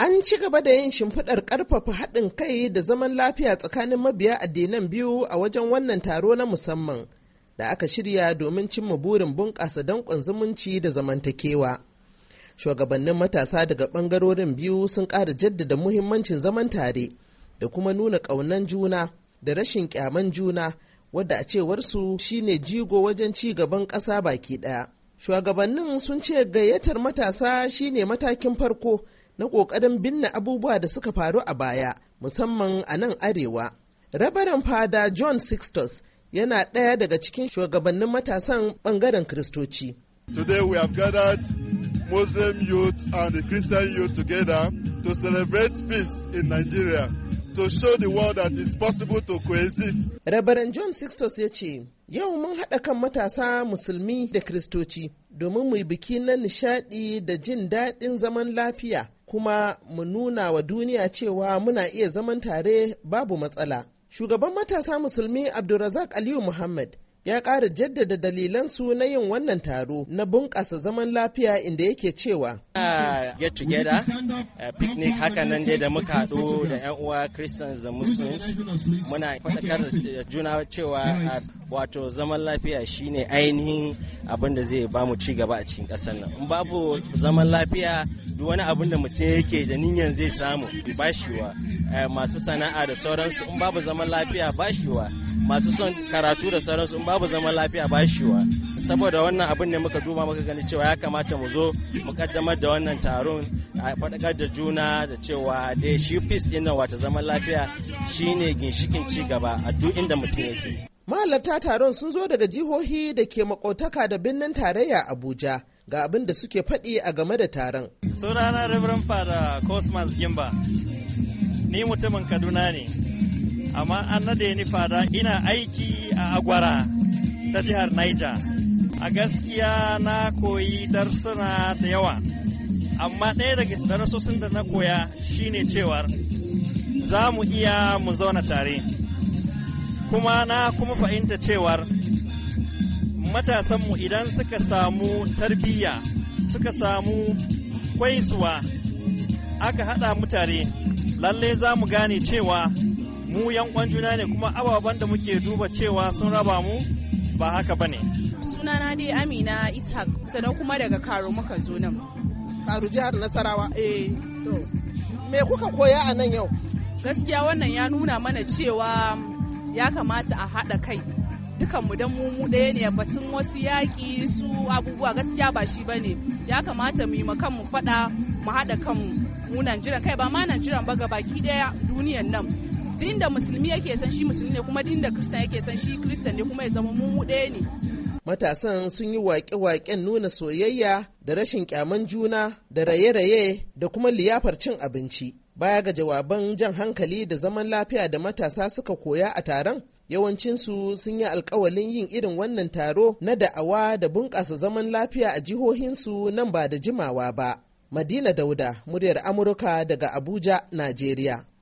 An ci gaba da yin shimfiɗar ƙarfafa haɗin kai da zaman lafiya tsakanin mabiya addinan biyu a wajen wannan taro na musamman da aka shirya domin cimma burin bunƙasa danƙon zumunci da zamantakewa. Shugabannin matasa daga ɓangarorin biyu sun ƙara jaddada muhimmancin zaman tare da kuma nuna ƙaunan juna da rashin ƙyaman juna wadda a cewarsu shine jigo wajen ci gaban ƙasa baki ɗaya. Shugabannin sun ce gayyatar matasa shine matakin farko na ƙoƙarin binne abubuwa da suka faru a baya musamman a nan arewa. Rabaran fada John Sixtus yana ɗaya daga cikin shugabannin matasan ɓangaren Kiristoci. Today we have gathered Muslim youth and the Christian youth together to celebrate peace in Nigeria. to show the world that it's possible to coexist. Rabaran John Sixtus ya ce, Yau mun haɗa kan matasa musulmi da Kiristoci domin mu yi biki na nishaɗi da jin daɗin zaman lafiya kuma mu nuna wa duniya cewa muna iya zaman tare babu matsala. Shugaban matasa musulmi Abdulrazak Aliyu Muhammad ya ƙara jaddada dalilansu na yin wannan taro na bunƙasa zaman lafiya inda yake cewa ah, get together uh, picnic haka nan dai da muka haɗu da 'yan uwa christians da muslims muna faɗakar da juna cewa ah, wato zaman lafiya shine ainihin abin da zai bamu ci gaba a cikin ƙasar nan babu zaman lafiya duk wani abin da mutum yake da niyan zai samu bashiwa eh, masu sana'a da sauransu in babu zaman lafiya bashiwa masu son karatu da sauransu in babu zaman lafiya bashiwa saboda wannan abin ne muka duba muka gani cewa ya kamata mu zo mu kaddamar da wannan taron a faɗakar da juna da cewa da shi fis ɗin wata zaman lafiya shine ginshikin ci gaba a duk inda mutum yake mahalarta taron sun zo daga jihohi da ke makotaka da birnin tarayya abuja ga abin da suke faɗi a game da taron. Sunana Reverend Father Cosmas Gimba, ni mutumin Kaduna ne, amma an nade ni fada ina aiki a Agwara ta jihar Niger. A gaskiya na koyi darsuna da yawa, amma ɗaya daga darussosin da na koya shine cewar za mu iya mu zauna tare. Kuma na kuma fahimta cewar matasanmu idan suka samu tarbiyya suka samu kwaisuwa aka haɗa mutane lalle za mu gane cewa mu yankon juna ne kuma ababen da muke duba cewa sun raba mu ba haka ba ne. sunana dai amina ishaq sannan kuma daga karo muka zo nan karo jihar nasarawa eh to me kuka koya a nan yau gaskiya wannan ya nuna mana cewa ya kamata a haɗa kai dukan mu dan mu ɗaya ne batun wasu yaƙi su abubuwa gaskiya ba shi bane ya kamata mu yi ma kanmu faɗa mu haɗa kanmu mu Najeriya kai ba ma Najeriya ba gabaki ɗaya duniyan nan din da musulmi yake san shi musulmi ne kuma din da kristan yake san shi kristan ne kuma ya zama mu ɗaya ne matasan sun yi waƙe-waƙen nuna soyayya da rashin kyaman juna da raye-raye da kuma liyafar cin abinci baya ga jawaban jan hankali da zaman lafiya da matasa suka koya a taron yawancinsu sun yi alkawalin yin irin wannan taro na da'awa da bunƙasa zaman lafiya a jihohinsu nan ba da jimawa ba. Madina Dauda, muryar Amurka daga Abuja, Najeriya.